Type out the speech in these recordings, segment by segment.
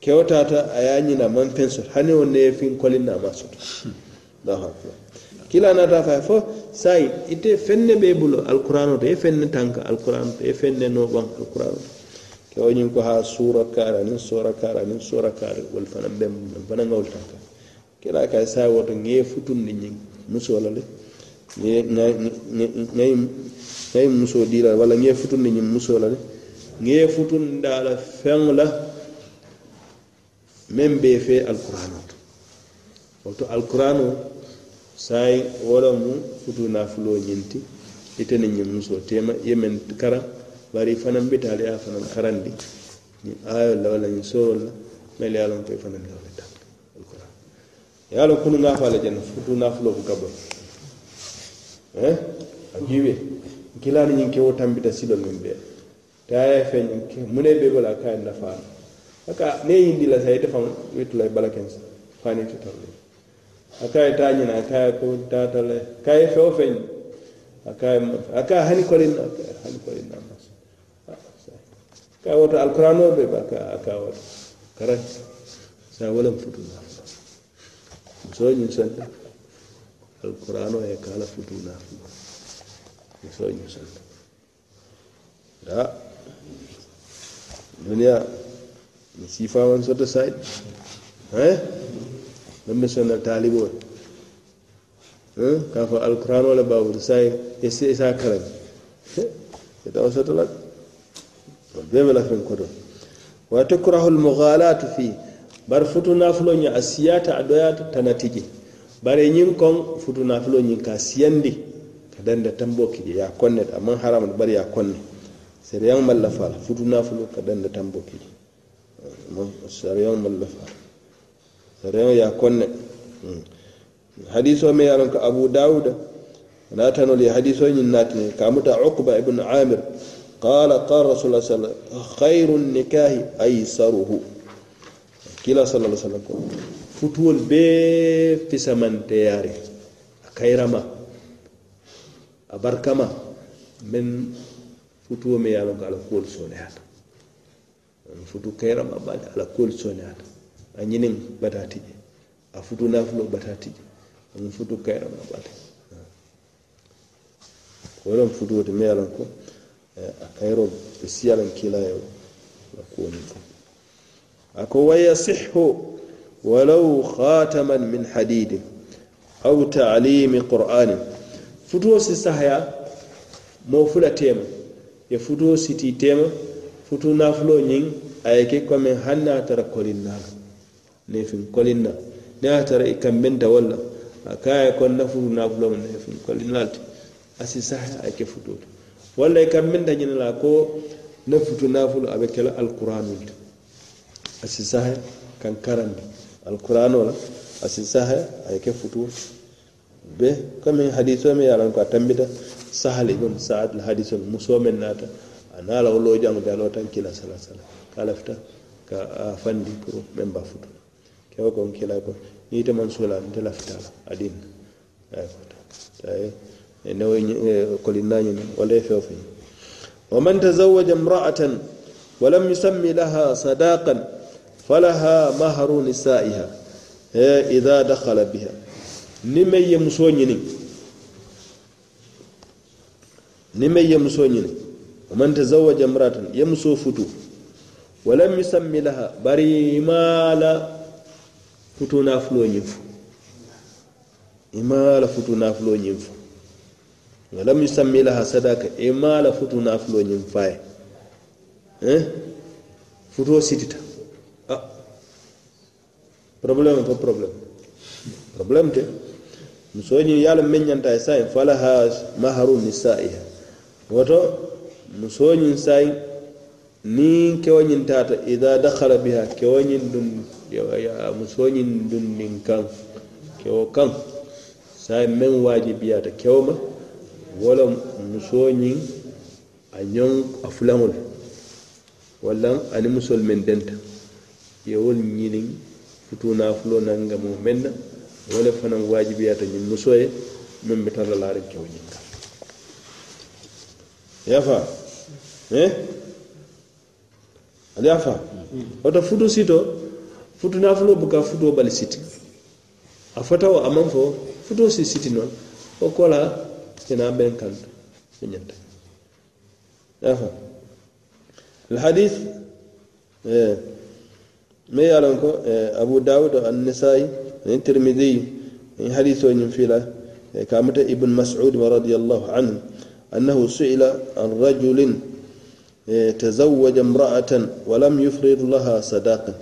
ta a yañina man penso hani o neye fin masu ta da akbar kila na ta fo sai ite fenne bai bulu alqur'an ta, e fenne tanka alqur'an ta, e fenne noɓan ta. oto kewoñin ko ha sura kara nin sura kara nin sura kara wol fana ɓe fana gawol tanka kila kay sayi woto ŋeye futunde ñin musola musu ŋayi muso dila walla ŋeye futunde ñin musola le futun da ala la meŋ be fe alkuranu to woto alkuranu saayi wo lo mu futu nafulo ñinti ite ne ñiŋ muso tema ye meŋ kara bari fanaŋ bitaale ye a fanaŋ karandi ñiŋ ayo la walla ñiŋ sorol la mel ye a loŋ fe fanaŋ la walla tak alkuran ye a loŋ kunuŋa fo a la janna futu nafulo buka bo eh a juwe nkilaani ñiŋ ke wo tambita silo meŋ be taya ye fe ñiŋ ke mu ne be bala kaye nafaa la haka ne yin dila sa ite faŋ witu la bala fani ite torli aka ye taa ñina aka ye ko ta le ka ye feŋ feŋ aka ye aka ye hani kolin na aka ye hani kolin na mas ka woto alkurano be aka aka woto karan sa walam futu na muso ñin santa alkurano ye kala futu na muso ñin santa da duniya the sifa on sort of side eh lambe sonna talibo eh ka fa alquran wala babu sai yesi isa karam ya wani sota la be be la fen ko kura wa tukrahu almughalatu fi bar futu nafulo nya asiyata adoyata tanatije bare nyin kon futu nafulo nyin ka siyandi kadan da tambo kije ya konne amma haram bar ya konne sai yan mallafa futu nafulo kadan da tambo kije sariyan mallafa sariyan ya ye hmm. hadiso konne yaron ka abu a na ko abu dawuda natanol ye hadisoo ka a muta uqba ibnu amir qala qala rasul sallallahu sallam khayru nikahi aysaruhu kila sala sallam ko futuwol bee fisamanteyaari a kayrama a barkama meŋ futuwo meŋ ye a loŋ ko futu kayrama baade ala kuolu soñata a ñinin batatije a futu nafulo batatije amu futu kayrama baade wolon futu wote me alan ko eh, a kayro ɓe siyalan kilayo la kuwonin fo ako wayasihu walau khataman min hadidin aw taalimi qur'anin futuo si sahaya mo fula tema ye futuo siti tema futu nafuloo ñiŋ a ye ke komi a tara kolin na la neefin kolin na ne a tara i kambenta wo la a ka a ye na futu nafuloo mu neefin kolin na ti a si saha a ye ke futu to walla i kambenta ñina la ko na futu nafulo a be ke la alkuranul ti a si saha kaŋ karandi alkurano la a si saha a ye ke futuo ti be komi hadisoo me ye a loŋ ko a tambita sahal ibn saad la hadisol musoo meŋ naata ana la wolo jango be alota kila sala sala kala fita ka a fandi pro men ba futu kewo kon kila ko ni te man sola nte la fita la adin ay ko tay ne way e, ko linani wala fe fe wa man tazawwaja imra'atan wa lam yusammi laha sadaqan falaha mahru nisa'iha idha dakhala biha ni meye muso nyini ni meye muso nyini ومن تزوج امرأة يمسو فتو ولم يسمي لها بري فتو نافلو ينفو إمالا فتو نافلو ينفو ولم يسمي لها صدقة إمالا فتو نافلو ينفاي eh futuo sitita ah problème pas problème problème te musoñi yalla meññanta e sa falaha maharu nisaiha woto muso ñiŋ sayi niŋ kewo ñiŋ taata ida dakhala biha kewo ñiŋ dun muso ñiŋ dundiŋ kaŋ kewo kaŋ sayi meŋ waajibiyata kewo ma wo le muso ñiŋ a ñoŋ a fulaŋol walla ani musol meŋ denta ye wol ñiniŋ futu naafulo naŋgamo meŋ na wo le fanaŋ waajibiyata ñiŋ musoye ye meŋ be tara laariŋ kewo ñiŋ kaŋ yafa eh afa oto futu sito futu fulo buka futuo bali siti afata wa aman futu si siti noon okola kola ina ben kanto ñanta afa alhadith eh me ko eh, abu daud an-nisai ni eh, tirmidhi in eh, hadithu ñin fila kamata ibn mas'ud radiyallahu anhu annahu su'ila an rajulin تزوج امرأة ولم يفرض لها صداقا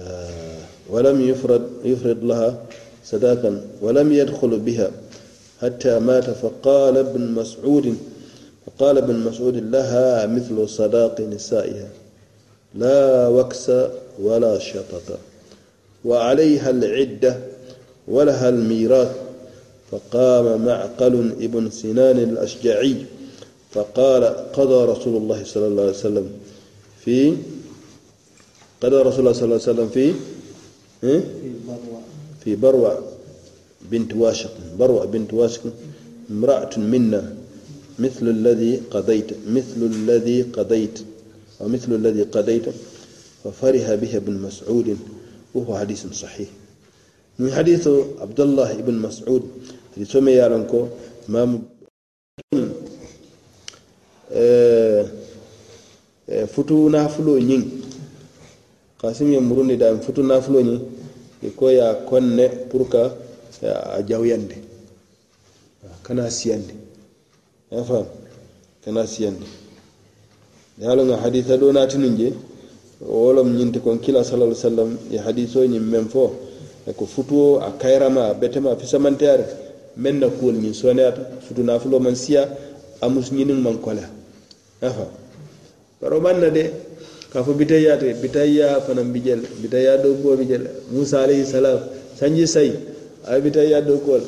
آه، ولم يفرض يفرض لها صداقا ولم يدخل بها حتى مات فقال ابن مسعود فقال ابن مسعود لها مثل صداق نسائها لا وكس ولا شطط وعليها العدة ولها الميراث فقام معقل ابن سنان الأشجعي فقال قضى رسول الله صلى الله عليه وسلم في قضى رسول الله صلى الله عليه وسلم في إيه؟ في بروع بنت واشق بروع بنت واشق امرأة منا مثل الذي قضيت مثل الذي قضيت ومثل الذي قضيت ففرح به ابن مسعود وهو حديث صحيح من حديث عبد الله بن مسعود حديث سمي يعلنكو ما Eh, eh, futu nafulo ñiŋ kasim ye murundi da futu nafulo ñiŋ i ko ye a konne pour ka a jawuyandi kana siyandi a fam kana siyandi ye loŋ a hadisa do naatinu je wolom ñinti kon kila sallallahu sallam, wasallam ye hadiso ñiŋ meŋ fo ko futuo a kayrama a betema a fisamanteyaari meŋ na kuwol ñiŋ soneyata futu nafulo maŋ siya a musu ñiniŋ maŋ koleya afa baro manna de ka fo bitayya te bitayya fanan bijel bitayya do ko bijel musa alayhi salam sanji sai ay bitayya do ko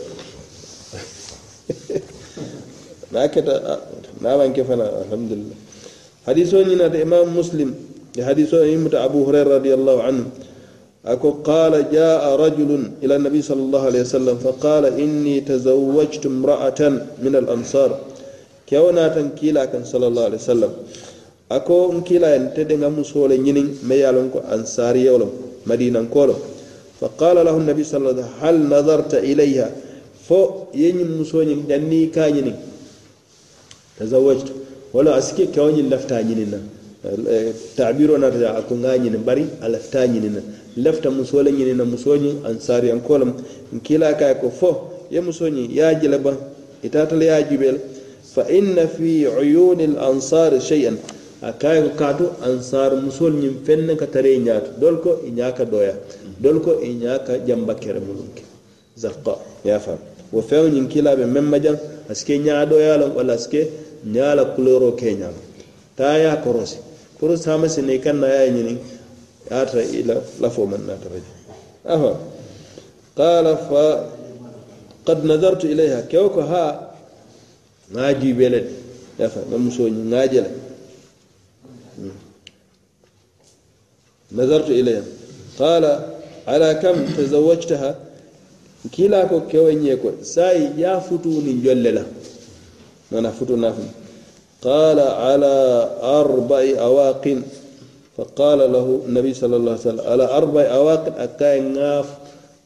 na keta na wanke fana alhamdulillah hadiso ni na imam muslim ya hadiso ni muta abu hurairah radiyallahu anhu أكو قال جاء رجل إلى النبي صلى الله عليه وسلم فقال إني تزوجت امرأة من الأنصار kewo naatan kila kan sallallahu alaihi wa sallam a kila n kiila yen te denga musoo le ñiniŋ me yalon ko ansari lo madinan lo fa qala lahu nabi sal alai hal nadarta ilayha fo ye musoni danni ka ñiniŋ tazawajtu wala a sike kewo ñiŋ lafita ñiniŋ eh, na tabiro naata a ko ŋa ñiniŋ bari a lafita na lafta musole le na musoni ansari an lom n kiila ka ko fo ye musoo ya ye a je le fa inna fi uyuni al ansar shay'an akay ko kaatu ansar musol nyim fenna ka tare nyaatu dol ko inyaka doya dol ko inyaka jamba kere mulunke zaqa ya fa wo few nyin kila be memma jam aske nyaa doya lon wala aske nyaala kuloro kenya ta ya korosi Kuru ta masi ne kan na ya e yin ya ta ila lafo man na taraji aha qala fa qad nadartu ilayha kawka ha na jiibe le dafa na muso ñiŋ ŋa je nazartu ilayhim qala ala kam tazawajtaha kiila ko kewo ko sa'i ya futu ni jolle la mana futu nafa qala ala arbai awaqin فقال له النبي صلى الله عليه وسلم على أربع أواقد أكاين غاف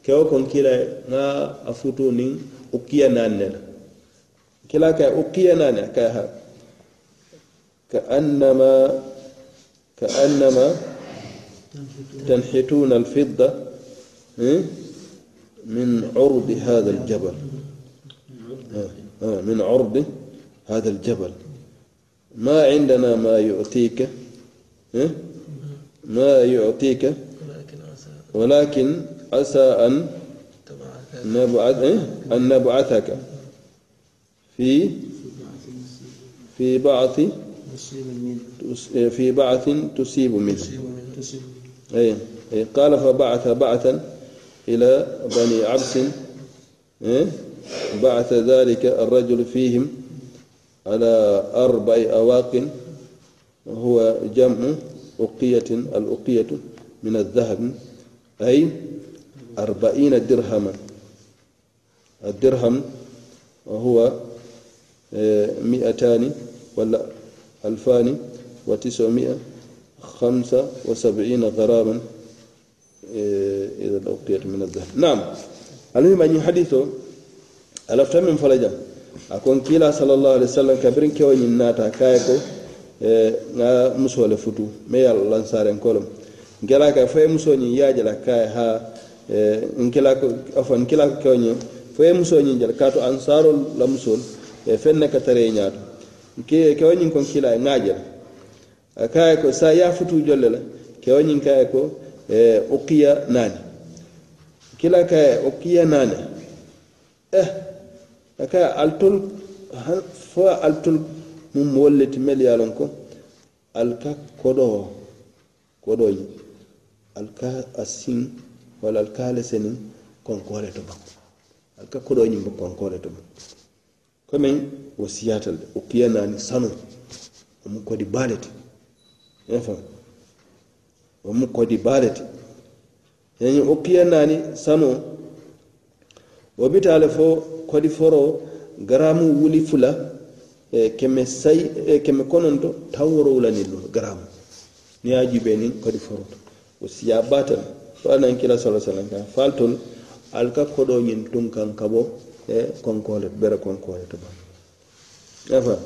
كيوكون كلا غا أفوتو نين أكيا كلاك أقينان كاها كأنما كأنما تنحتون الفضة من عرض هذا الجبل من عرض هذا الجبل ما عندنا ما يعطيك ما يعطيك ولكن عسى أن نبعث أن نبعثك في في بعث في بعث تصيب منه أي أي قال فبعث بعثا إلى بني عبس بعث ذلك الرجل فيهم على أربع أواق هو جمع أقية الأقية من الذهب أي أربعين درهما الدرهم هو مئتان ولا ألفان وتسعمائة خمسة وسبعين غراما إيه، إذا الأوقية من الذهب نعم المهم أن حديثه ألفت من فلجا أكون كلا صلى الله عليه وسلم كبرين كوين ناتا كايكو nga muso le futu me ye lansaren kolom nkela ka fo ye muso ñiŋ yaajala kaye ha nkela afan kila ko ñe fo ye muso ñiŋ jala kaatu ansarol la musol e fenna ka tare ñaato ke ke kewañin kon kila ŋaajel a ko sa ya futu jolle la ke kewañin kaye ko e uqiya nani kila kaye uqiya nani eh a altul altol fo altul mum wolleti mel yalon ko alka kodo kodo yi alka asin wala alka lesenin konkole to ba alka kodo yi ñimbo konkole to ba famin wasiyatal o kiyanani sano omu kodi baleti enfa omu kodi baleti yani o ni sanu o bitale fo kodi foro garamu wuli fula e, keme sai e, keme kononto tawro wulani ɗum garamu ni ya yajibe ni kodi foroto wasiya batal fo anan kila sa sallam ka faltol alka koɗoñin tun kan kabo e konkole bere konkole to ban afa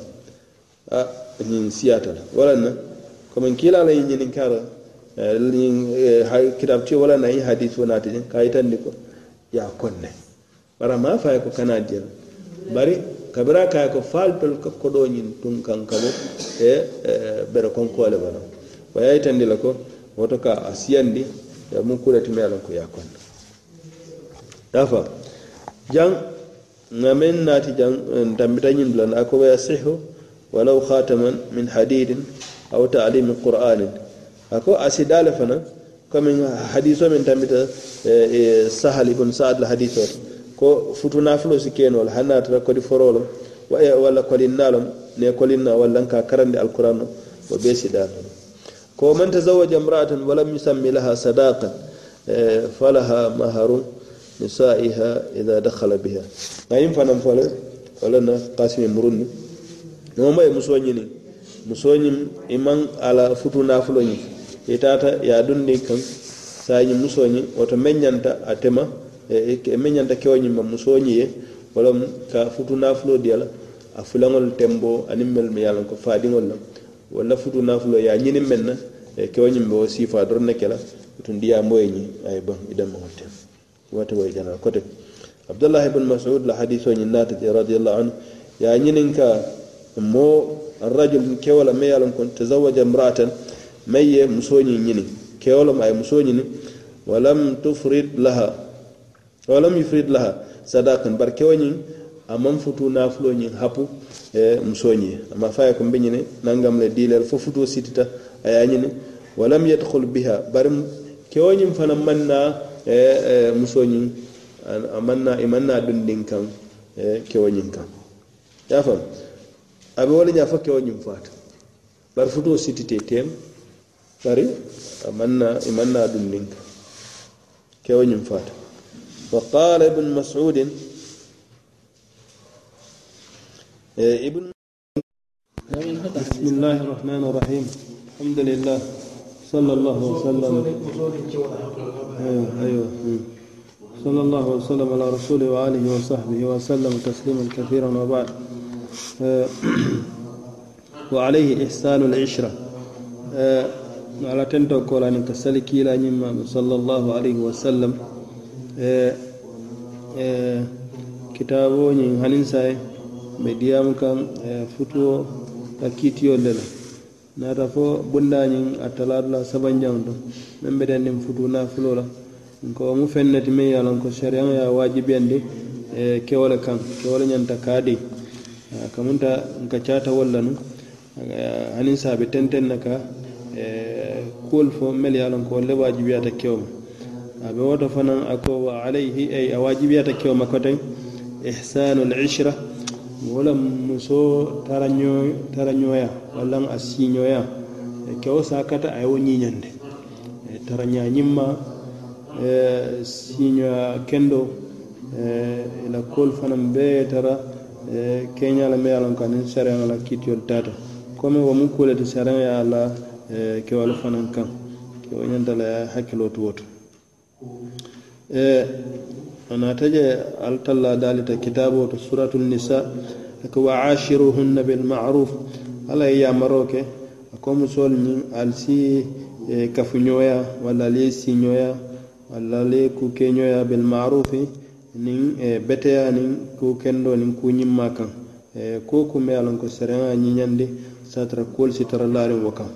a ni siyata la wala na comme kila la ñinin kara ñin eh, eh, kitab ci wala na yi hadith wala ta ka ni ko ya konne bara ma fa ko kana jël bari kabira kaya ko fal ko do kakkoɗoñin tun kan bo e bere konkole bana o yaytandi la ko woto ka a mun kula mum kuretime alon ko konne dafa jang. nga meŋ naati tambita ñiŋ dulana a kobe yasihu walaw khataman min hadidin aw taalimi qur'anin a ko asidale fana comme hadiso min tambita sahal ibn saad la hadiso ko futu nafulo si kenol hannatata kodi forolo walla kolinnalom ne kolinna walla ka karande alquran o be sidalo ko man tazawaja imra'atan walam yusammi laha sadaqan falaha maharu لسائها إذا دخل بها نعم فنم فلس ولنا قاسم مرن نوما يمسوني مسوني إمان على فتونا فلوني يتاتا يادون كان sañi musoñi woto meññanta a tema meññanta kewoñi ma musoñi ye futu nafulo di ala a fulaŋol tembo aniŋ mel mi ye a loŋ ko la walla futu nafulo ye a ñiniŋ na kewoñiŋ be wo siifa doroŋ ne ke la tundi ye a moye ñiŋ a ye baŋ i wata way jana kote abdullah ibn mas'ud la hadithu ni nata radiyallahu anhu ya nyininka mo الرجل كولا ميالم كنت تزوج امرأة مي مسوني نيني كولا ماي مسوني ولم تفرد لها ولم يفرد لها صداقا بركوني amam futu nafulo ñiŋ hapu e musoo ñiŋ ama faye ko nangam le diileel fo futuo sitita a ye a walam yadkhul biha bari kewo ñiŋ manna E, e musoñin amanna imanna e e, dundin kan kewoñin kan yafam aɓe wala ñafa kewoñin fata bari futo sittite tem bari amanna imanna dundin kan kewoñin fata wa qala ibn masudin ibn بسم الله الرحمن الرحيم الحمد لله صلى الله وسلم آه، ايوه ايوه صلى الله وسلم على رسوله وآله وصحبه وسلم تسليما كثيرا وبعد آه، وعليه إحسان العشرة آه، على كنت تنتو كولاني كسلكي لا صلى الله عليه وسلم كتابه نين هنين ساي بديام كان لله nata fo bundañiŋ a talaatu la sabanjaŋo to meŋ betendiŋ futu nafuloo la ko mu feŋ ne ti ye ko sariyaŋo ye a waajibiyandi kewo le kaŋ kewo le ñanta kaa di kamunta nka caata ta la nu aniŋ saabe tenteŋ ne ka e kuwolu fo mel ye a loŋ ko wolu le waajibiyata kewo a be woto fanaŋ a ko wa alayhi ay a waajibiyata kewo ma koteŋ ihsanul ishra wo le muso e, e, e, tara tarañoya walla a sii siiñoya kewo kata a ye wo ñiñande sii siiñoya kendo ila koolu fanaŋ bee tara keña la me ye a loŋ ko aniŋ sariyaŋo la kiitiyolu taata komi wo mu kuu le ti sariyaŋo ye a la kewolu fanaŋ kaŋ kewo ñanta la hakkiloo tu wo to anata je altalla dalita kitabo to suratul nisa ako wa ashiruhun bil ma'ruf ala ya maroke ako musol ni alsi e kafunyoya wala le sinyoya wala le kukenyoya bil ma'rufi nin e beteya ku kendo ni ku kan e ko ku melon ko serena nyande satra kol sitara larin wakan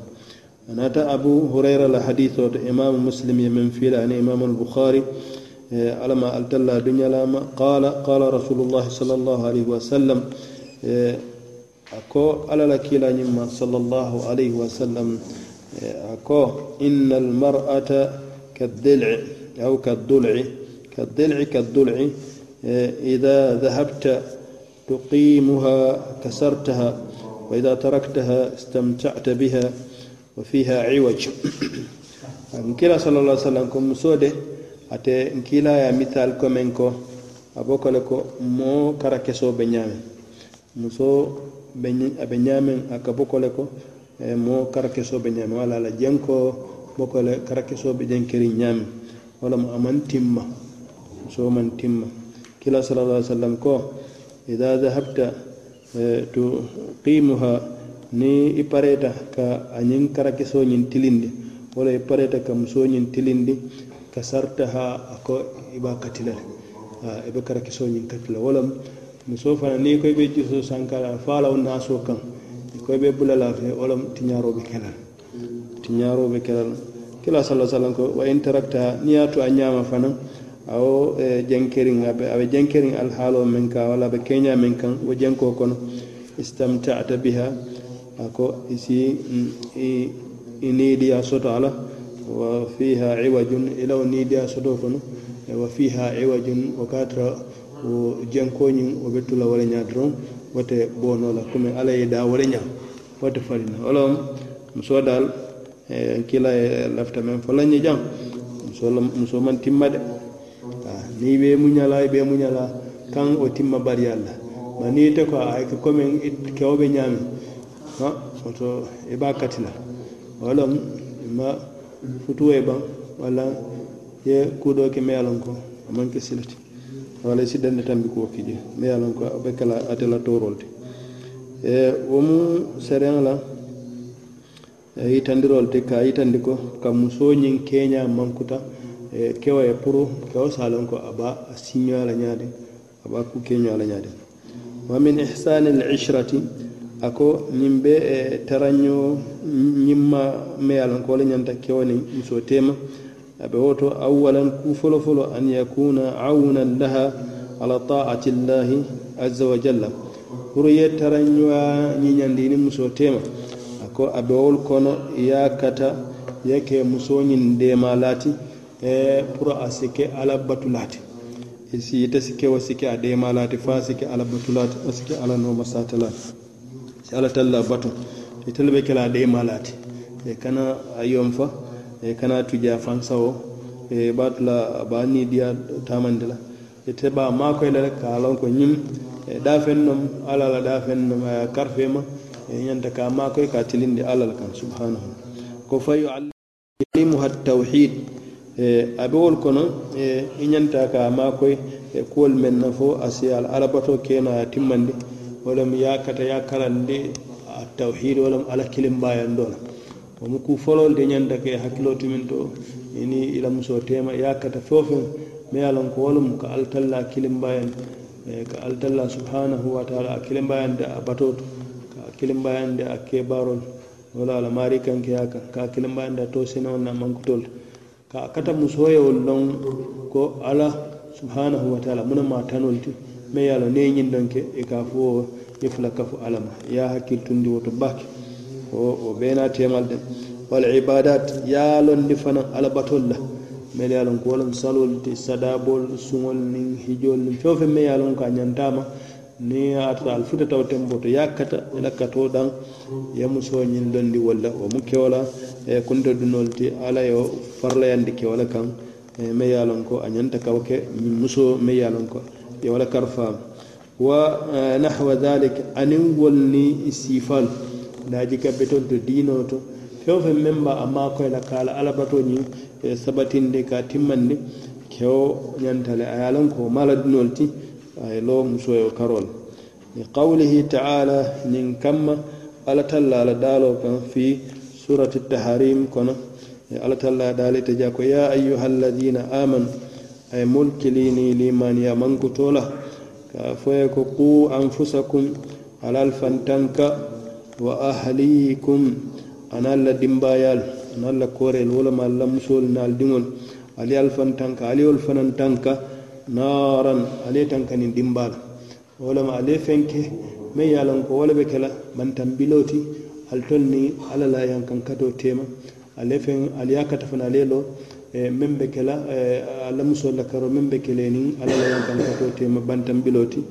anata abu hurairah la hadith wa imam muslim yamin fila imam al-bukhari علما إيه، التلا دنيا لما قال قال رسول الله صلى الله عليه وسلم إيه، أكو على لكلا نما صلى الله عليه وسلم إيه، أكو إن المرأة كالدلع أو كالدلع كالدلع كالدلع إذا ذهبت تقيمها كسرتها وإذا تركتها استمتعت بها وفيها عوج كلا صلى الله عليه وسلم كم سوده ate nkila ya mital komen ko abo kono ko mo kara keso be ñaamen muso abe ñaamen a ka ko e, mo kara keso be wala la jenko bo le kara keso be jenkeri ñaamen wala mo aman timma muso man timma kila sallallahu alaihi wasallam ko idha dhahabta e, tuqimuha ni ipareta ka añiŋ kara keso nyin tilindi wala ipareta ka muso nyin tilindi ha ako iba katila le ibe kara kiso ñiŋ katila walam muso fana niŋ ko ibe sankara sankala fa law naaso kan ko ibe bulala fe walam tinyaro be kela tinyaro be kela la kila sala sallam ko wa in niyatu anyama ye to a ñaama fana awo jenkeriŋ abe jenkeriŋ alhaalo meŋ kaŋ walla abe keña meŋ kaŋ wo jenko kon istamtata biha ako isi i niidiya soto a wa fiha iwajun elawo nidiya soto kono e wa fiha iwajun o katra o jenkoñin o bettula waleña doron wote bono la comme ala yeda waleña wote farina olom muso dal e kila e lafta men folañi jang muso man timma de ni be muñala be muñala kan o timma bari yalla ma ni te ko ay ko men kewbe ñami ha oto e bakatina olom ma futuwoye ɓan walla ye kuuɗo ke me alan ko amanke silati wala si dande tambi kuwo kije me alan ko ɓe kala atela torolte e womu sereŋ la yitandirol e, te ka yitandi ko ka muso ñiŋ keña mankuta kewo ye pour kewo salon ko aba a siñoya la ñaadi aba ku keñoya la ñaadi wa min ihsani al ishrati ako nin be e taranño ñimma meyalon ko wala ñanta kewani muso tema aɓe woto awalan ku folo folo an yakuna aunan laha ala taati llahi aza wa jalla pour ye taranñowa ñiñandini muso tema ako aɓe wol kono yakata yake musoñin ndema laati e pour a sike ala batu laati e siita sike wa sike a ndema laati fa sike ala batu laati a sike ala nooma satalaati ala talla batu itelu be kela demalati e kana a yonfa e kana tuja fansawo e batula ba ni diya tamandila ite e ba makoy la ka lon ko nyim e dafen nom ala la dafen nom aya e karfe ma e nyanta ka makoy ka tilindi ala la kan subhanahu ko fa yu'allimuha at-tauhid e abewol kono e nyanta ka makoy e kuwol men na fo asiyal arabato kena timmandi ya kata ya karande a tawhid wolem ala kilim mbayandola womo ku folol de ñanda ke hakkilo tumin to ini ila muso tema ya kata ma ye lon ko wolem ka altalla kilim bayan eh, ka altalla subhanahu wa taala a kilim mbayande a batoto ka kilim da a baron wala alamari kan ke yaka ka kilim bayan a to sene on na mankutol ka kata musoyewol lon ko ala subhanahu wa taala muna ma me ye a lo ne ñindonke i e ka fo i e fula kafo alla ma i ye hakkil tundi woto bake o o ɓeena temal den wal ibadat ye a londi fana alabatol la mele ye a lon ko wolon salol ti sadabol suŋol niŋ hijol niŋ feŋ feŋ me ye a lon ka ñantama ni ata al futa taw tembo to yakkata ila e kato dan ya muso nyin dondi wala o mu kewala e kunta dunol ti ala yo farla yandi kewala kan e me yalon ko anyanta kawke muso me yalon ko e wala karfa wa nahwa dhalik anin golni sifal naji kabbe ton to dino to fewo fe memba amma a maakoy la ka a la alabato ñiŋ ka timmandi kewo ñanta le ko mala dunol ti a ye loo musoyo karo le qawlihi taala ñiŋ kamma ala talla a la daalo fi surati taharim kono ala talla a daalite ja ko ya ayuha amanu ay mulkilini liman yamankutola ka foye ko qu anfusakum alal fantanka wa ahlikum analla dimbayal analla korel wolama alla musol na diŋol ali alfantanka fantanka aliyol fanan tanka naran ale tankanin dimbal wolama ale fenke me ye a lon ko wala be kala man tan biloti al tonni ala la yankan yankankato tema ale feŋ ali ye kata fana ale E min be kela e, allahmusolla karo min be kele ni alla la yankankato tema bantan biloti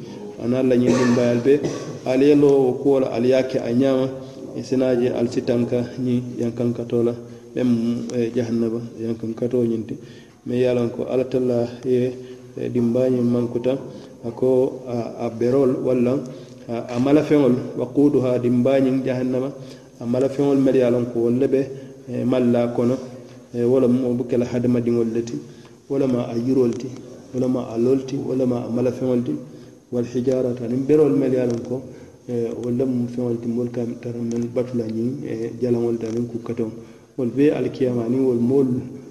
ana alla ñimin bayal be ala yelo wo kuwola ala yaake a ñama e sinaji ala sitanka ñi yankankatola mem jahannaba yankankato ñinti mais yalan ko ala talla ye dimbañi mankuta ako a berol walla a mala feŋol wa quduha dimbañin jahannaba a mala feŋol mel yalan ko wolle be malla kono E wala mo bu kala hadama dingol leti wala ma a yirol ti wala ma a lol ti wala ma a mala fengol ti wal hijara ta nin berol mel yalan ko e wala mu fengol ti mol kam tar men batula e ni jalangol ta nin ku katon wal be al kiyama ni wal mol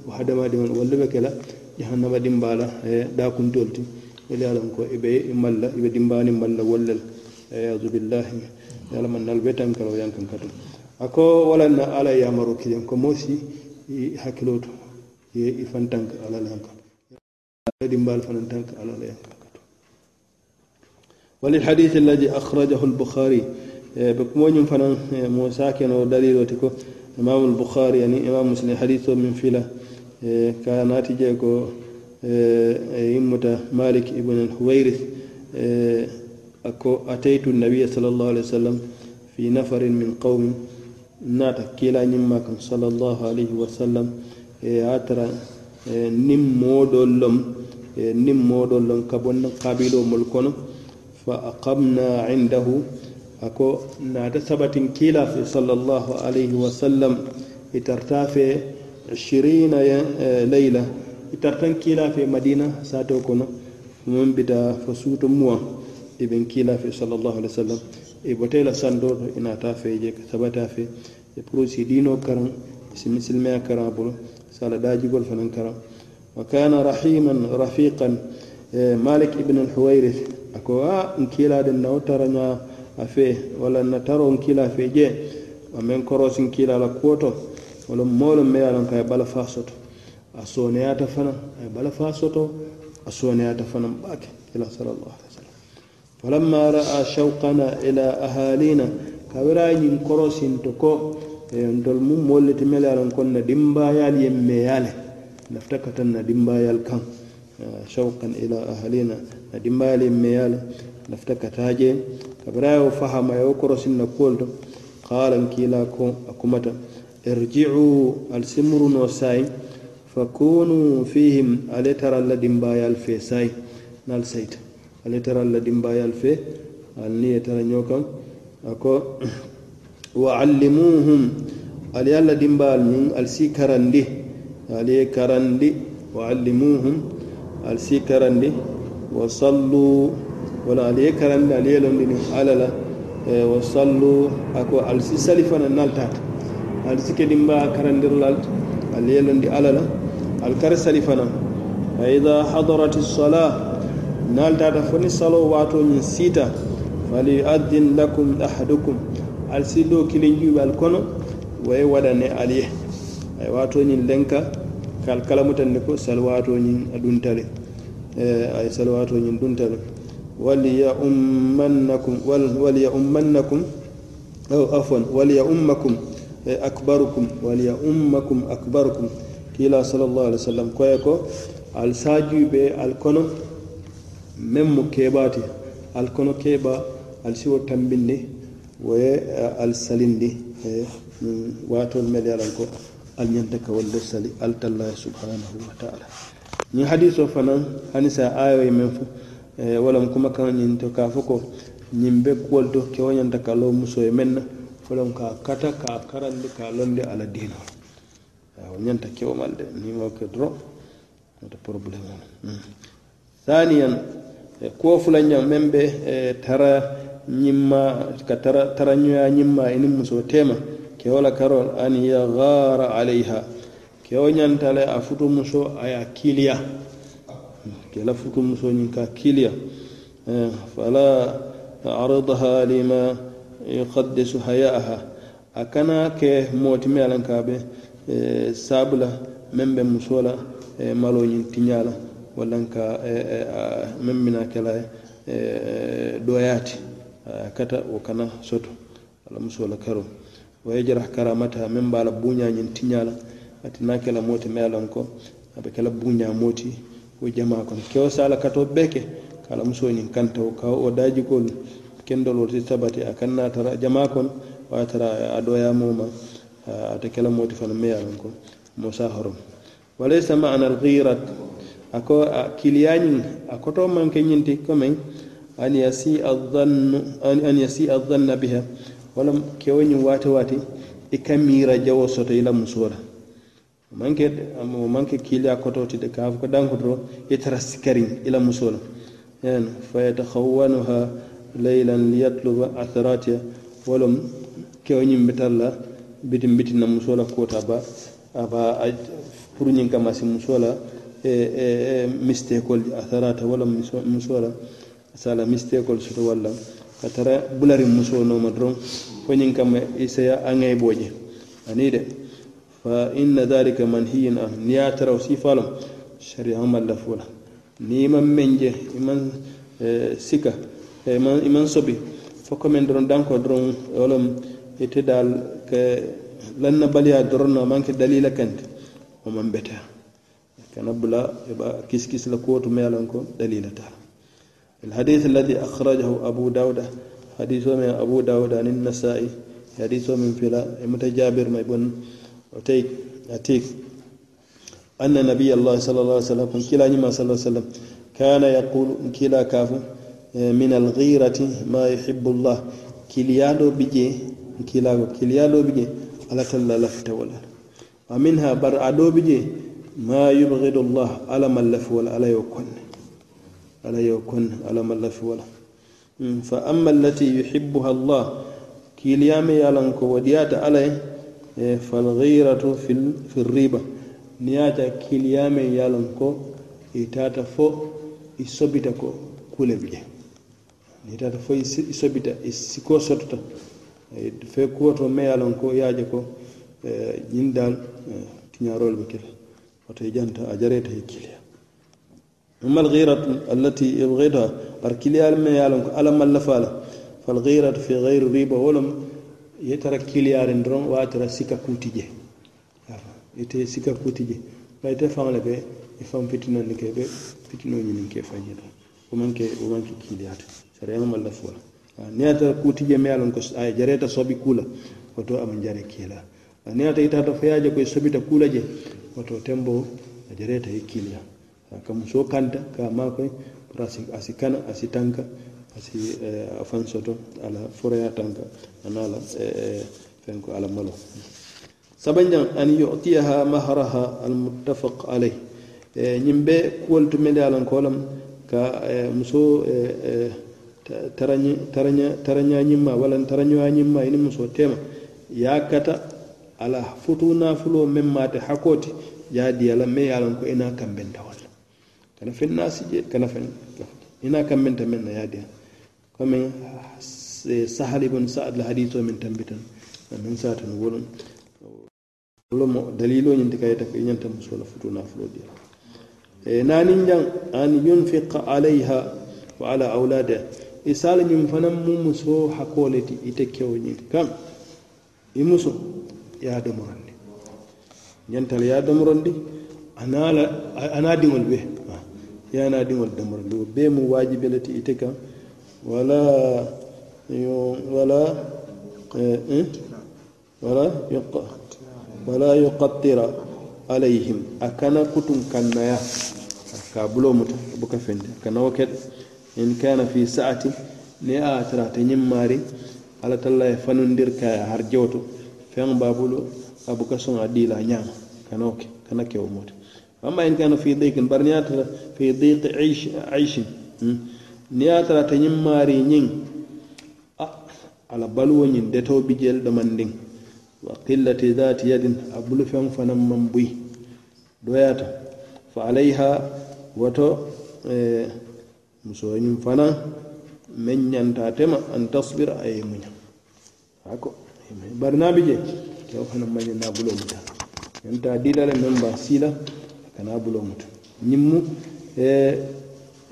o hadama dingol wala be kala jahannama dimbala da kun tol ti mel yalan ko ibe malla ibe dimbani malla wala a'udhu billahi yalla man nal betan kala yankan katon ako wala na ala yamaru kiyam ko mosi i hakkiloo to ye i fan tanka ala le hanka to dimbaalu fanan tanka ala le hanka to walilhadith alladi akhrajahu albukhari ɓe kumoñum fanan mo sakeno dalilo ti ko imamu albukhari ani imamu muslim hadith o min fila ka naati je ko يمة مالك ابن الحويرث أتيت النبي صلى الله عليه وسلم في نفر من قوم naata kila ñimma kan sallallahu alayhi wa sallam e a tara nin mooɗol lom nin mooɗol lom ka bonna kabilomol kono fa aqamna indahu ako naata sabatin kila fe sallallahu alayhi wa sallam itarta fe ishirina layla itartan kila fe madina sato kono mum bita fa suuto muwa eɓen kila fe sallallahu alayhi wa sallam e botay la salloo ina ta feje fee je ka sabata fee e pour si karam si misilmeya karaŋ a bolo si ala daajigol fanaŋ karaŋ wa kana rahiman rafiqan malik ibn al huwairith ko a nkiiladen na wo afe wala a fee walla na taro nkiila fee je a meŋ la kuwo wala molo me yalan kay bala fasoto soto a sooneyata bala fasoto soto a sooneyata fanaŋ baake kila falamma ra'a shawqana ila ahalina kabira ñin korosinto ko ntol mum molle ti mele alan kon na dimbayal yen meyale nafta katan na dimbayal kan shawqan ila ahalina na dimbayal yen meyale nafta kataje kabira yo fahama yo korosinna kolto qalan kila ko akumata irji'u alsimru no sai fakunu fihim aletara la dimbayal fe sai nal ale tara alla dimbayal fe alni ye tara ño ako wa allimuhum ali ye alla dimbayal ñun ali si karandi ali ye karandi wa allimuhum ali si karandi wa sallu wala ali ye karandi ali ye londini ala la wa sallu ako ali si sali nalta naltata ali si ke dimbaya karandirlalta ali ye londi ala la ali kara sali fana الصلاه naal tata fo ni saloo waatoo ñiŋ siita falyuaddin lakum ahadukum ali silloo kiliŋ juuɓe ali kono wo ye wadane ali ye a ye waatoo ñiŋ lenka ka ali kalamutandi ko sali waatoo ñiŋ a duntale a ye sali waatoo ñiŋ duntale walyaummannakum walyaummannakum aw afwan walyaummakum akbarukum walyaummakum akbarukum kiila sallallahu alaihi wa sallam koye ko ali saajuuɓe ali kono meŋ mu keebaa ti ali kono keebaa ali siwo tambindi wo ye eh, ali salindi e, waatol mel ye lan ko ali ñanta ka wolu sali ali tallahi subhanahu wa taala ñiŋ hadiso fanaŋ hani sa ayo ye meŋ fo e, kuma kumakaŋ ñiŋ to ka fo ko ñiŋ be kuwolu to kewo ñanta ka loo musoo ye meŋ na fo loŋ ka kata ka karandi ka londi ala diinoo wo ñanta kewo mal de niŋ wo ke doroŋ woto problème o hmm. thaniyan Eh, kuwo fulanñal meŋ be eh, tara ñimma ka tara tarañoya ñimma inin muso tema kewo la karol an yagara alayha kewo ñantale a futu muso aya ye kiliya kela futu muso ñiŋ ka kiliya eh, fala ardaha lima yuqaddisu hayaaha a kana ke mootime alanka be sabula meŋ be muso la maloo ñiŋ tiña wallan ka meŋ mina ke la doyaati a kata wo kana soto ala musoo la karo wa yajrah karamataha meŋ be a la buuñaa ñiŋ tiñaa la ate naŋ ke la moo ti meŋ a loŋ ko a be ke la buuñaa moo ti wo jamaa kono kewo se a la katoo bee ke ka a la musoo ñiŋ kanta wo ka wo daajikoolu kendol wo ti sabati a kaŋ naa tara jamaa kono wo ye tara a doyaa moo ma ate ke la moo ti fanaŋ meŋ ye a loŋ ko moo se a horom walaysa maana algirat ako kiliyañin a koto manke ñinti commen an yasi adanna biha walla kewoñin waati wata i ka mira jawo soto ila la musoo man manke mo manke kiliya kototi de ka kudan kudro i tara ila i la musoo la en fayatakhawanuha laylan liyatluba atharatiya wolom kewoñin bitar la bitin bitin na musoo la koota ba a ba a furnin kamasin musola. mistekol atharata wala muso la sala mistekol soto walla ka bulari muso no doron fo ñiŋ kamma isaya a ŋayboo je ani de fa inna dhalika manhiyun an niŋ ye a taraw siifaa loŋ sariyaŋo maŋ lafoo la niŋ sika i maŋ sobi fo komen doroŋ danko doroŋ olam loŋ ite daal ke lannabaliya doroŋ no a dalila kanti wo maŋ beteya كنبلا بلا يبقى كيس كيس لكوت ميلانكم دليل تعالى الحديث الذي أخرجه أبو داود حديث من أبو داود عن النسائي حديث من فلا متجابر ما يبون أتيك أتيك أن النبي الله صلى الله عليه وسلم كلا نما صلى الله عليه وسلم كان يقول كلا كاف من الغيرة ما يحب الله كليالو بيجي كلا كليالو بيجي على تلا لفت ولا ومنها برعدو بيجي ma yubghidu llah ala mallafi wala ala yo konne ala yo konne ala mallafi wala mm, fa amma allati yuhibbuha llah kiliyame yalan ko wadiyata alay e fal ghiratu fil fil riba niyata kiliyame yalan ko itata fo isobita ko kule bije itata fo e isobita isiko sotta fe kuwato me yalan ko yaje ko jindal e tinyarol bikira wata janta a jare ta kiliya amma alghiratu allati yughidha arkiliya al mayalun ala mallafala fal ghiratu fi ghayri riba walam yatara kiliya rendron wa tara sika kutije ite sika kutije bay te famale be e fam fitina ni kebe fitino ni ni ke fajira o manke o manke kiliya to sare amma mallafala ne yatara kutije mayalun ko ay jare ta sobi kula oto am jare kiliya ne yatata fayaje ko sobi ta kula je wato tembo a jareta ye kiliya ka kanta ka makoy pour asi kana asi tanka eh, asi a fan soto ala foroya tanka anala eh, fenko ala malo sabanjan an yutiyaha mahraha almuttafaq alayh ñiŋ eh, be kuwolu to mende alan ko lam ka muso walan taranya nyimma ini muso tema yakata ala futu nafulo min maate ta ti ye a diya la meŋ ko i naa kambenta kana fin naa je kana feŋ ina naa kambenta min na ya a diya komi sahal bin sa'ad la hadisoo min tambitan meŋ saatanu wo loŋ lomo dalilo daliloo ñinti ka yeta i ñanta la futu nafuloo diya e, naaniŋ jan an yunfiqa alayha wa ala awlaadiha i e, saala ñiŋ fanaŋ mu musoo hakkoo le ti ite kewo ñiŋ kaŋ i musoo yaadomorondi ñantala yaadomorondi anala ana diŋol be yana diŋol domorondi wo bee mu waajibelati ite kaŋ wala yo wala eh, eh, wala yuk, wala yuqattira alayhim akana kutum kannaya ka bulo muta buka fendi kana waket in kana fi saati ne a tarata nyimmari ala talla e fanundir ka harjoto feŋo be hmm? a bulu a buka soŋ a dii la a ñaama kana wo ke kana kewo mu ti amma in kana fi dikin bari niŋ ye a tara fi ta Aishin? niŋ ye a tara ate ñiŋ maari ñiŋ a a la baluwo ñiŋ detoo bi jeel domandiŋ wa qillati dhati yadin a bulu feŋo fanaŋ maŋ buyi doyaata fa alayha woto eh, musoñiŋ fanaŋ meŋ ñanta tema an tasbir, a ye muña bari bije ta kewo fana manyan na bulo muta yonta diilale men sila ka kana bulo mutu. ñimmu e eh,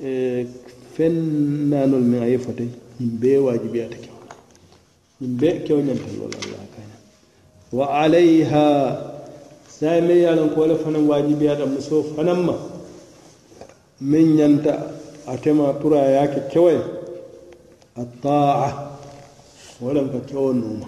eh, fen nanol min a ye fotay ñim ta kyau. yin be kyau yan ta wol allah kaña wa alayha saye men yalan ko wole fana waajibiyata muso fanan ma min ñanta atema pour a yaake kewoye a taa wadanka kyau noma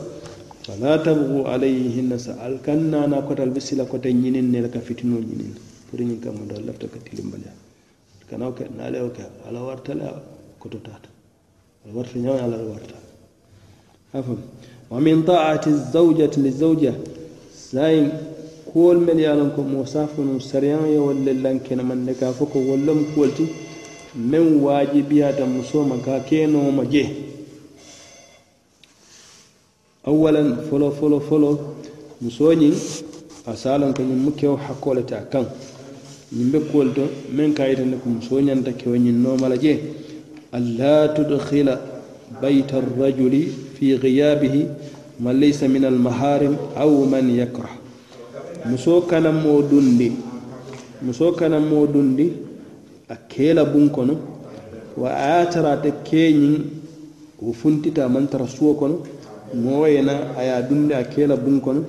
fala tabgu alayhinna sa'al kanna na kotal bisila kota ne la ka fitino nyinin pour ñin kamma do lafta ka tilimbaliya kanaw ke naalewo ke ala warta la koto tata ala warta ñaw ala warta afam wa min ta'ati zawjati li zawja sayin kuwol mel ye ko mosafunu sariyan ya walle na mande ka fo ko wollom kuwol wajibiya ta muso musoma ka maje je. awalan folo folo folo musoni asalan kan ko mu kewo hakkoo ta kan ni be kuwol to meŋ ka ko musoni nda kewo ñiŋ no mala je alla tudkhila bayta ar-rajuli fi ghiyabihi man laysa min al-maharim aw man yakrah muso kana mo dundi muso kana mo dundi akela bun la kono wa atara ye a funtita kono moo na a ye a dundi a ke la buŋ kono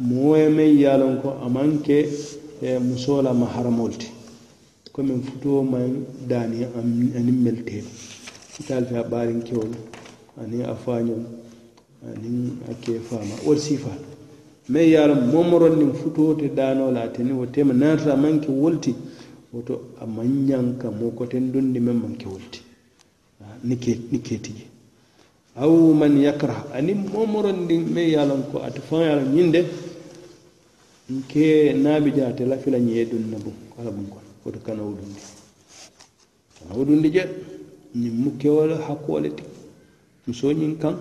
moo ye meŋ ye a loŋ ko a maŋ ke e, musoo la maharamolu ti komin futuo maŋ daani aniŋ melu teelu itaalu fe a baariŋ kewolu aniŋ a faañolu aniŋ a ke faama wolu siifaa meŋ ye a loŋ momorolu niŋ futuo te daanoo la ate niŋ wo teema naata a maŋ ke wolu ti woto a maŋ ñaŋ ka moo koteŋ dundi meŋ maŋ ke wolu ti ni ke ni ke aw man yakra ani momoron ndin me yalon ko ati fan yala ñinde nke naabi jaate la fila ñee dun na bum kala bum kon foto kana wudundi kana wudundi je ñin mukkewole hakkole ti musoñin kan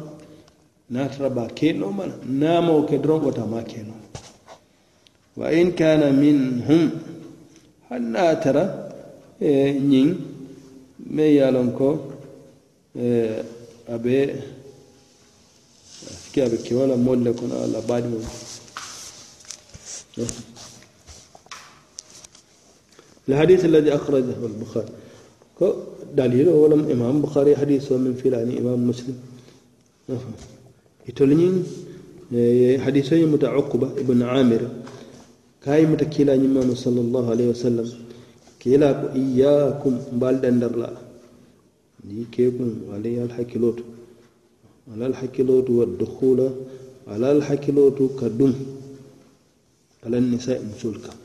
natraba kenomala naamoo ke doron wota ma kenoma wa in kana minhum han natara e eh, ñin me yalon ko e, abe afikia amekiona mmoja kuna la badi الحديث الذي أخرجه البخاري دليله ولم إمام بخاري حديثه من فلان إمام مسلم يتولين إيه، حديثه متعقبة ابن عامر كاي متكيلا إمام صلى الله عليه وسلم كيلا إياكم بالدندر لا ni kekun alay alhakilotu ala alhakilotu waddukula ala alhakilotu ka dum ala nisai musol kan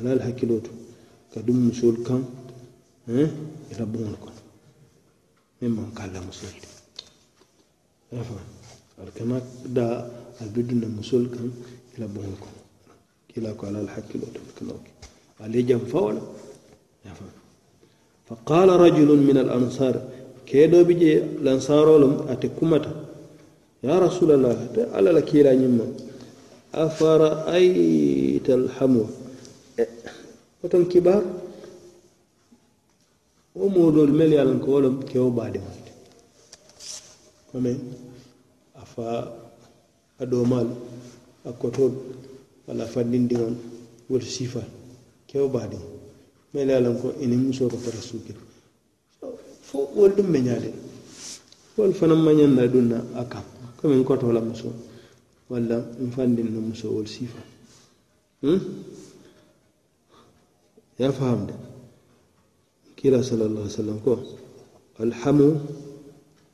ala alhakilotu ka dum musol kan ila buŋol kono meŋ maŋ ka la musol ti yafaa ali kana da ali be dunna musol kan ila buŋol kono kila ko ala alhakilotu alkiloo ke ali janfawo la yafaa faqala rajulun min al ansar keɗoɓe je lansarolum ate kumata ya rasulallah te alala kilañimma afaraaita lhamo e oton kibar o modol mel yalan kowolom kewo ɓade mate ome afa a ɗomal a kotol wala fanɗindiŋol wol sifa kewo ɓadeŋol mele lalan ko ini muso ko fara suke fo wol dum meñaade wol fana ma dun na a ko min ko tola muso walla in fandin no muso wol sifa ya faham de kira sallallahu alaihi wasallam ko alhamu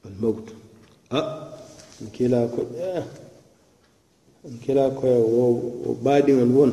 almaut a kila ko ya kila ko wo badi won won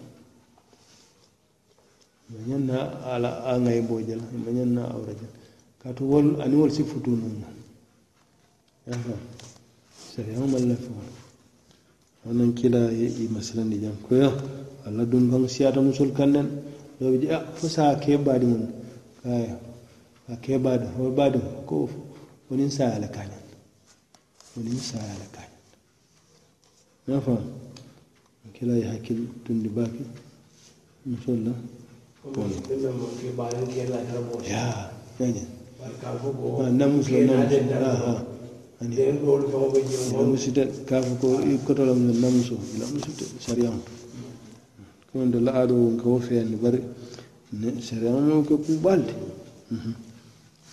na ala a ŋayi boo je la ima ñanna awra je kaatu wol ani wol si futu nuŋ na yaa fam sariyaŋo maŋ la feŋo la naŋ kila ye i masilandi jaŋ koya alla dunbaŋ siyaata musol kaŋ nen doo bi je ah, a fo saa kee baadiŋo le kaaya a ke baadi fo baadiŋo ko wo niŋ saaya le ka ñaŋ wo niŋ saaya le ka ñaŋ yaa fam kila ye hakkil tundi baake musol la ya kanya na musulo na musite kafu ko kotolam na muso ila musite sariyam kono do la aɗo won kawo feyani bari sariyamo ko kuɓalde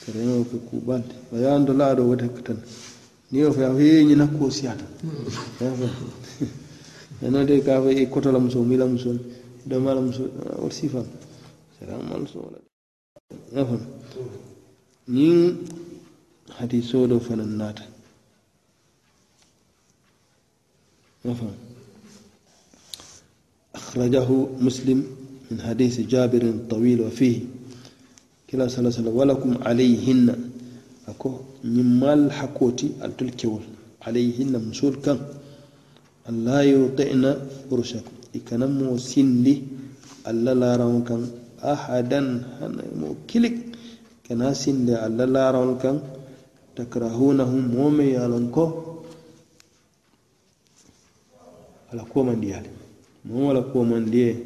sariyamo ko kuɓalde a yawan do la aɗo wote tan ni o feya heeñi nakko siyata enote kafa e la musu mila muso domala muso oto sifam سلام من منصورة نفهم نين حتي سولو فلنات نفهم أخرجه مسلم من حديث جابر الطويل وفيه كلا صلى الله عليه وسلم ولكم عليهن أكو نمال حكوتي التلكول عليهن مسول كان ألا يطعن إكنا موسين لي ألا لا رون كان أحدا كلك كنا سند الله لا رون كان تكرهونهم مومي يالنكو ألا كومن ديال مو ألا كومن ديال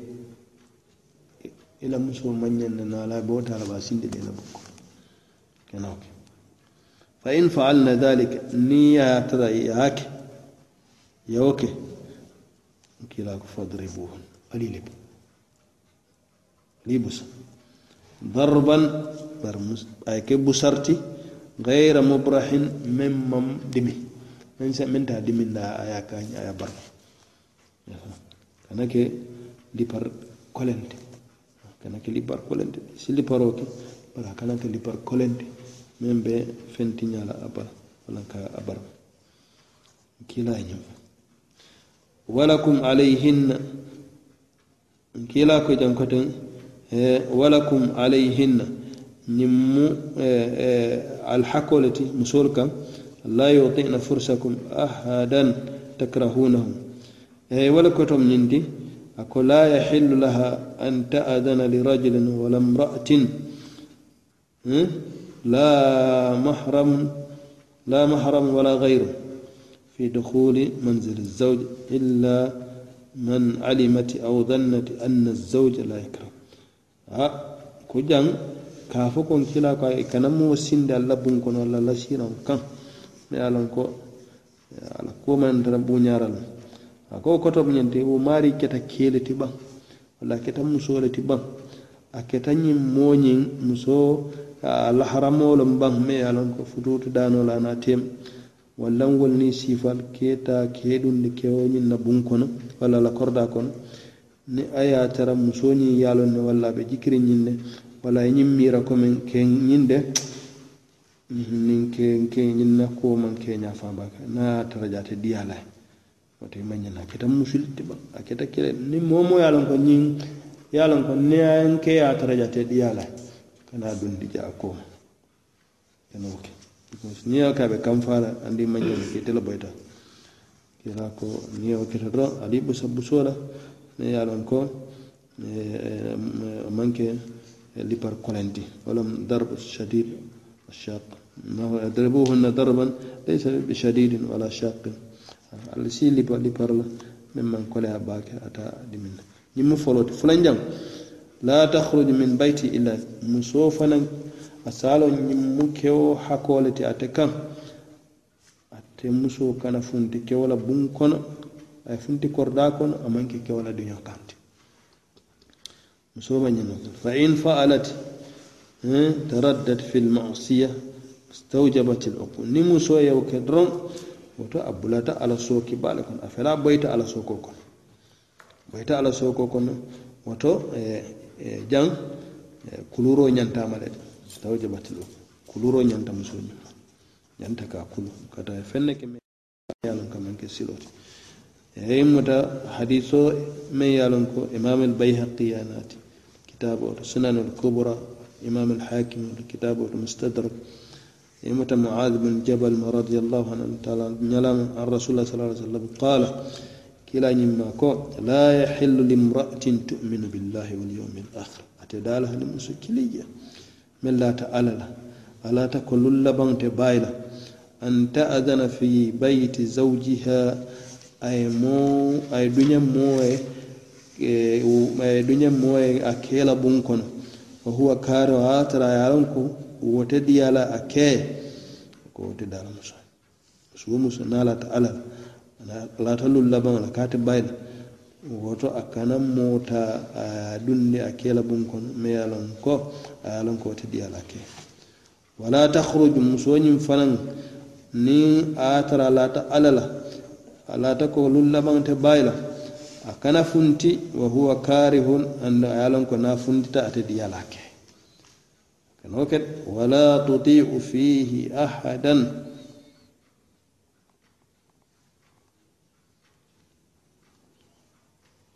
إلا مسو من يندنا لا بوتا لبا سند دينا بوكو كنا أوكي فإن فعلنا ذلك نيا ترى ياك يا أوكي كلاك فضربوهن قليل li busar darban eh, bar ay ya, ke busarti ghayra mubrahin mimmam dimi men sa menta dimi dimin da aya kan aya bar kana ke li par kolente kana ke li par kolente si li paroki bara kana ke li par kolente Membe be fenti nyala abar wala ka abar kila nyum walakum alayhin kila ko jankoten إيه، ولكم عليهن نمو إيه، إيه، الحكولة مسوركم لا يطيعن فرسكم أحدا تكرهونه ولكم نندي أكو لا يحل لها أن تأذن لرجل ولا امرأة لا محرم لا محرم ولا غيره في دخول منزل الزوج إلا من علمت أو ظنت أن الزوج لا يكره a ko jaŋ ka fo kila ko ay kana mo sindi alla bun kono alla la siran kan me alan ko ala ko man dara buñara la a ko koto ñante wo maari keta kele ti ban walla keta muso le ti ban a keta ñin moñin muso ala haramolon ban me alan ko dano danola ana tem wallan wolni sifal keta kedun ni kewoñin na bun kono walla la korda kono ni a ye a tara muso ñiŋ ye a loŋ ne walla a be jikiri ñiŋ ne walla a ye ñiŋ miira ko min ke ñiŋ de mhm, niŋ ke ke ñiŋ na kuwo maŋ ke ñaa faŋ baka niŋ a ye a tara jaate diyaa la woto i maŋ ñiŋ a keta musuli ti baŋ a keta kele ni moo moo ye a loŋ ko ñiŋ ye a loŋ ko niŋ a ye ke ye a tara jaate diyaa la kana a dundi jaa koo ma kana wo ke niŋ ye a ka a be kanfaa la andi maŋ ñiŋ ke ite le boyita kila ko niŋ ye wo keta doroŋ ali busa busoo la ne ya a ko eh, manke eh, lipar kolenti walam darb shadid shaq mahu yadribuhunna darban laysa bishadidin wala shaq ah, al si lipa lipar la min man kole a baake ata dimin na ñiŋ mu fulan jam la takhruj min bayti illa musofana asalo a mu kewo hakolati le ti ate kaŋ ate kana funti kewala la kono ay funti korda kono ke kewla duño kanti musoma ñino fa in faalat taraddat fi lmasiya stawjabat luqul ni muso yow ke doron woto a bulata ala so kibale kon a fela boyta ala soko kon bayta ala soko kon woto eh, eh, jan eh, kuluro ñantama le stawjabat oku. kuluro ñanta muso ñima ñanta ka kulu kata fenne ke me yalon kamanke siloti eyimuta متى حديثه من ye إمام البيهقي imam كتابه سنن الكبرى إمام الحاكم كتابه المستدرك imam معاذ بن جبل رضي الله عنه تعالى نلام عن رسول الله صلى الله عليه وسلم قال كلا نماكو لا يحل لامرأة تؤمن بالله واليوم الآخر أتدالها لمسكلية من لا تألل ألا تكل لبنت بايلة أن تأذن في بيت زوجها aye moo aye duñen moo ye eh, aye duñen moo akela a keela buŋ kono wa huwa kaaro a tara a ye alaŋ ko wote diya la a kee ko wote daala muso suwo muso naŋ lata ala la lata lulu labaŋo la kaate bayi la woto a kana moo ta a ye dundi a keela buŋ kono me ye a loŋ ko a ye a loŋ ko wote diya la a kee wala takhruju musoo ñiŋ fanaŋ niŋ a ye tara a lata ala la alata ko lun labaŋte bayila a kana funti wa huwa karihun anda a ye lon ko na funtita ate diyala ke kanoo ke wala tutiu fihi ahadan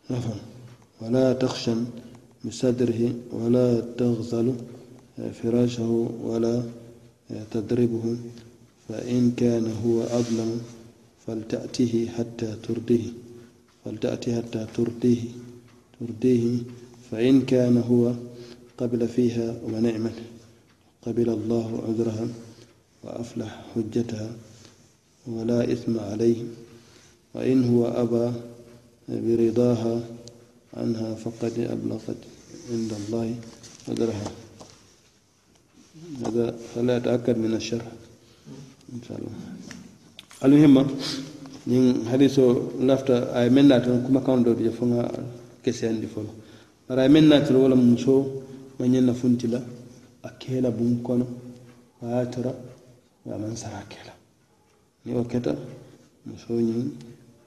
نفهم ولا تخشن بصدره ولا تغزل فراشه ولا تضربه فإن كان هو أظلم فلتأته حتى ترده فلتأته حتى ترده ترده فإن كان هو قبل فيها ونعما قبل الله عذرها وأفلح حجتها ولا إثم عليه وإن هو أبى برضاها عنها فقد أبلغت عند الله قدرها هذا فلا أتأكد من الشرح إن شاء الله almuhimma ñiŋ hadiso lafita a ye meŋ naati kumakaŋo doo je fo ŋa keseyandi folo bari a ye meŋ naati le wo la na funti la a kono a ye a sara a kee la keta musoo ñiŋ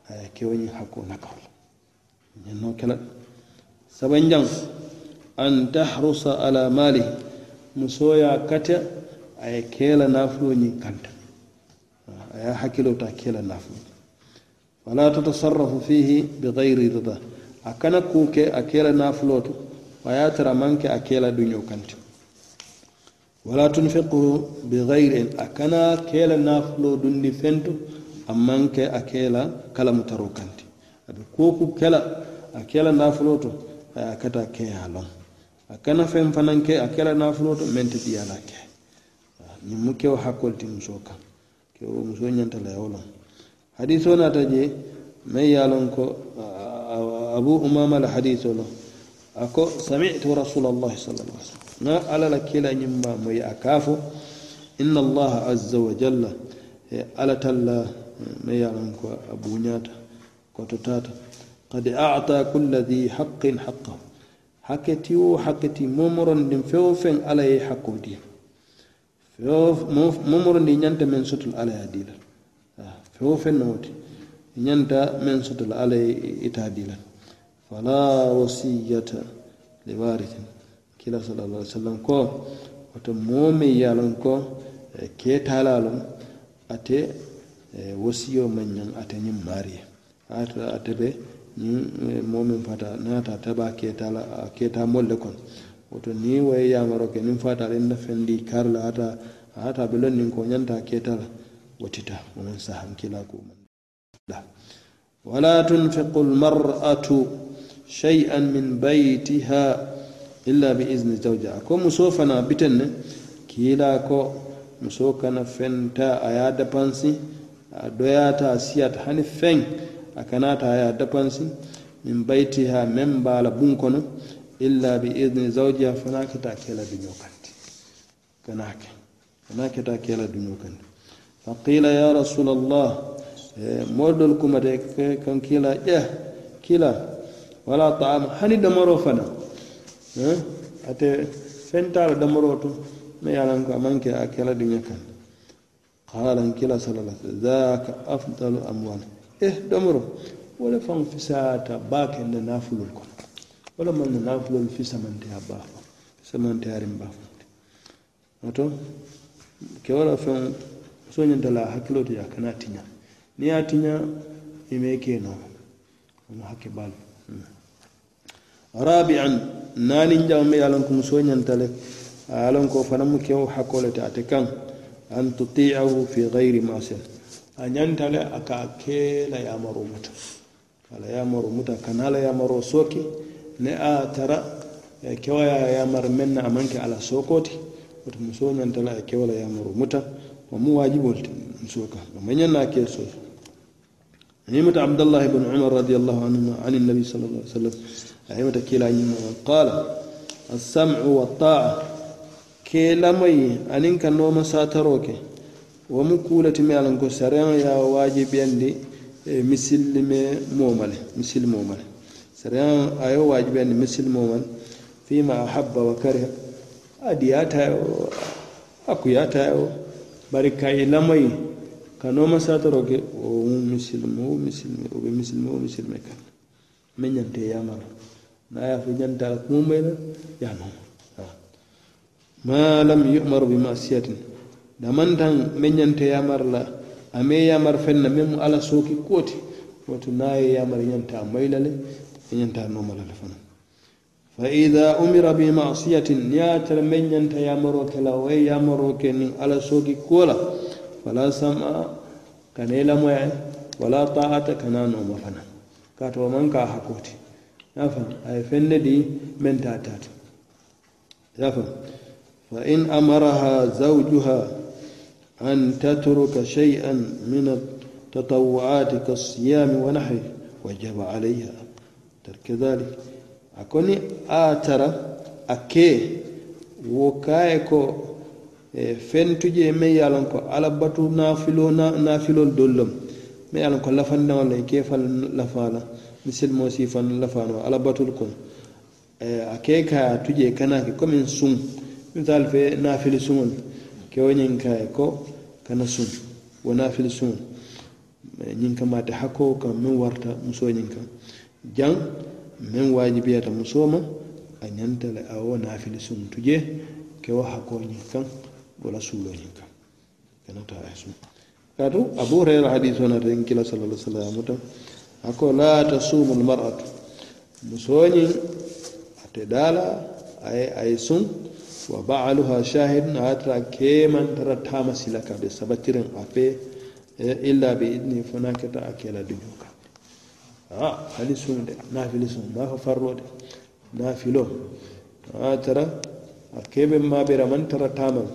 a ye kewo ñiŋ hakkoo nakaw la ñiŋ noo ke an tahrusa ala maalihi musoo ye a kata a ye kee la naafuloo kanta ya hakkilo ta kila lafu ta tatasarrafu fihi ghairi rida a kana kuke a kela nafulo to ya tara manke a kila dunyo kanti wala tunfiqu ghairi a kana kela nafulo dundi fento a manke a kela kalamu taro kanti aɓe koku kila a kela nafulo to ya kata keya lon a kana fen fanan ke a kila nafulo to mente ɗiyala ke muke kewo hakkolti muso kan ke wo muso ñantala yawo loŋ hadiso ta je mai ye a ko abu umama la hadiso loŋ a ko samitu rasulallahi sala alla sallam na ala la kila ñiŋ ba mo ye a kaa inna allaha azza wa jalla e, alla talla meŋ ye a loŋ ko a buñaata koto taata قد أعطى كل ذي حق حقه حكتي وحكتي ممرن فوفن عليه حقه دي feo momoro ndi ñanta men sotol ala ya dilal ah, feo fennowote ñanta men sotol ala ita dilal fala wasiyata li waritin kila sallallahu alaihi wasallam ko oto momi yalon ko eh, ke talalon ate eh, wasiyo manyan ate nyin mariya ata atebe nyin eh, momin fata nata taba ke tala ah, ke ta molle kon woto ni waye ya yamaro ke nin fata ala na fendi karla ata ata be nin ko nyanta keta ta wo tita wo maŋ sahankila ko da wala tunfiqu lmar'atu shay'an min baytiha illa bi izni zawjiha ko muso fana biten ne kila ko muso kana fenta a ye a a doyata a hani feng a kanata a min baytiha meŋ a illa bi idni zawjiha fana keta kela duño kandi kana ke fana keta kela duño kandi fa qila ya rasulallah moɗol kumate kan kila ƴa kila wala taam hani damaro fana ate fentaala damaro to mi yalan ko amanke a kela duño kandi qala n kila sala la dhaka afdalu amwal eh damaro wala fan fisata bakende nafulol kono wala man na lafulol fi samantiya bafa samantiyarin bafa wato ke wala fen sonyan dala hakilo da yaka na tinya ni ya tinya ime ke na kuma hake bal hmm. rabi'an nanin jawo mai alan kuma sonyan tale alan ko fa namu ke hakole ta atikan an tuti'ahu fi ghairi masal anyan tale aka kela ya maro muta kala ya maro muta kanala ya maro soki okay. ne a tara ya kewaya ya marmen na amanke ala sokoti woto muso ñantala kewala ya maru muta wa mu wajibol te muso ka na mañanna ke soso animata abdullahi ibne umar radiallahu anhuma an nabi sal llah sallam mata kila ñimama qala wa ta'a ke lamayi anin ka nooma sataro ke womu kuulatimi alan ko saren ya wajibiyandi e misillime momale misilmomale sariyan ayo wajibe ni misilimo man a ahabba wa a adiyatayo akuyatayo bari kayi lamoyi ka masatoro ke o misilime o misilime o be musulman o ka kan me ya mara na ya yanta da kuma ya noma ma lam umaru bi masiyatin damantan me ya mara la ame mara fenna mu ala soki kooti ya mara yanta mai lalai فإذا أمر بمعصية نياتر من ينتهى يامروك لا وي يامروك على سوق كولا فلا سماء كان يلم ولا طاعة كان نوم فنا كاتو من كاحكوتي يفهم أي فندي من تاتات يفهم فإن أمرها زوجها أن تترك شيئا من التطوعات كالصيام ونحي وجب عليها ter kedali a koni a tara a ke wo kaye ko e fentuje me yalon ko ala batu na filo na na filo dollom me yalon ko lafan na e wala ke fal lafala misil mo si fan lafano ala batu ko e a ke ka tuje kana ke comme un sum misal fe na fil sum ke wonin kaye ko kana sum wo na fil sum nyinka e, ma ta hako kam min warta musoyin kam Jan, min wajibi ta musoma, a ñanta le a wo naafili sun tuje ke wa hako ni kan. wala sulo ni kan kaŋ ta a kadu abu hurayra hadithu na ŋ kila sallallahu alaihi wasallam amuta la tasumu lmaratu musoo musoni ate daala ay sun wa baaluha shahidun a ye tara keemaŋ tara ta ka be sabatirin ape ila eh, illa bi idni fana keta a ke a ah, hali sunu de nafili sunu nafa farlo de nafilo a ah, tara a keɓe maɓera man tara tamal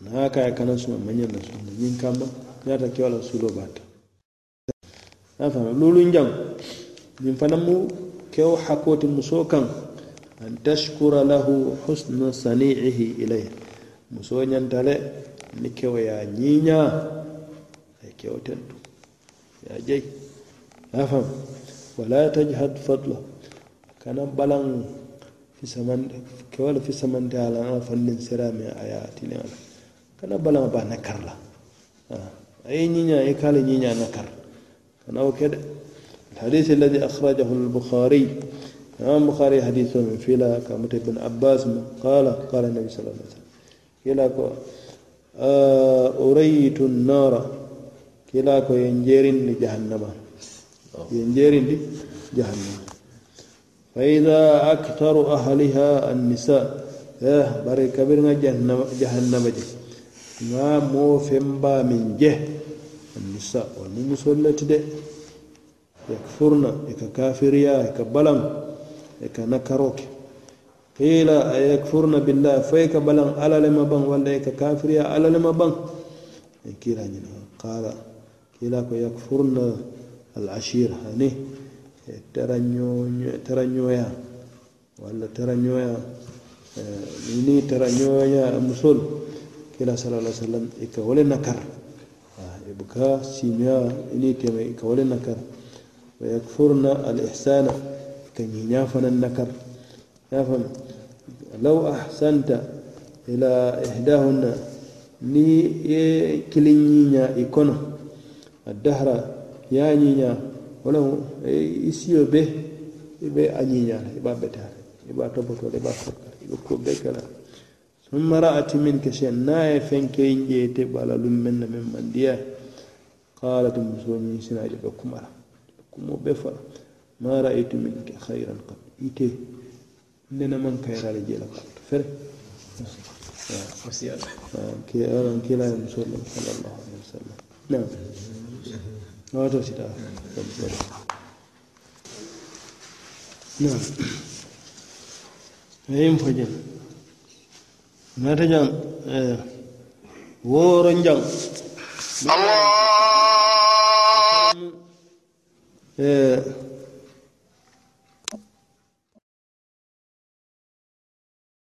na kaya kana ma mañan na sunu ñin kamma ñata kewala sulo bata A fama lulu jang ñin fanan mu kew hakkoti muso kan an tashkura lahu husna sani'ihi ilayh muso ñantale ni kewo ya ñiña ay kewo tentu ya jeyi afam wala tajhad fatla kana balan fisamande kewala fisamande ala ala fannin sirame ayatini ala kana balan ba nakarla ay ñiña ay kala ñiña nakar kana o kede الحديث الذي أخرجه البخاري الإمام البخاري حديث من فيلا كمت بن عباس قال قال النبي صلى الله عليه وسلم كلا أريت النار كلا ينجرن جهنم ينجيرين جهنم فإذا أكثر أهلها النساء إيه بري كبير جهنم جهنم جه ما مو فيمبا من جه النساء والمسلة ده يكفرن يككافريا يكبلن يكنكروك قيل يكفرن بالله فيك على لما بن ولا يككافريا على لما بن قيل قال قيل يكفرن العشيرة يعني ترنيويا ولا ترنيويا ني ترنيويا مسول كلا صلى الله عليه وسلم إكوالي نكر إبكا سيميا إني تيما إكوالي نكر ويكفرنا الإحسان كان ينافن النكر يفهم لو أحسنت إلى إهداهن ني كلينينا إكونا الدهرة yañiña wala e, isio be ɓe a ñiñala eɓa betare eɓa tobotole eɓa fokkal eɓa kuɓe kala summa ra'ati e e min ke sen naye fenke jeyte ɓala lum menna men mandiya qala tu musomi sina jeɓe kumara ɓe kumo ɓe fala ma ra'itu min ke hayran kat ite nena man kayrale jeela kat fere ke alan kila musolim sallallahu alayhi wa sallam nam 나도 시다. 나. 에임 포지. 나타전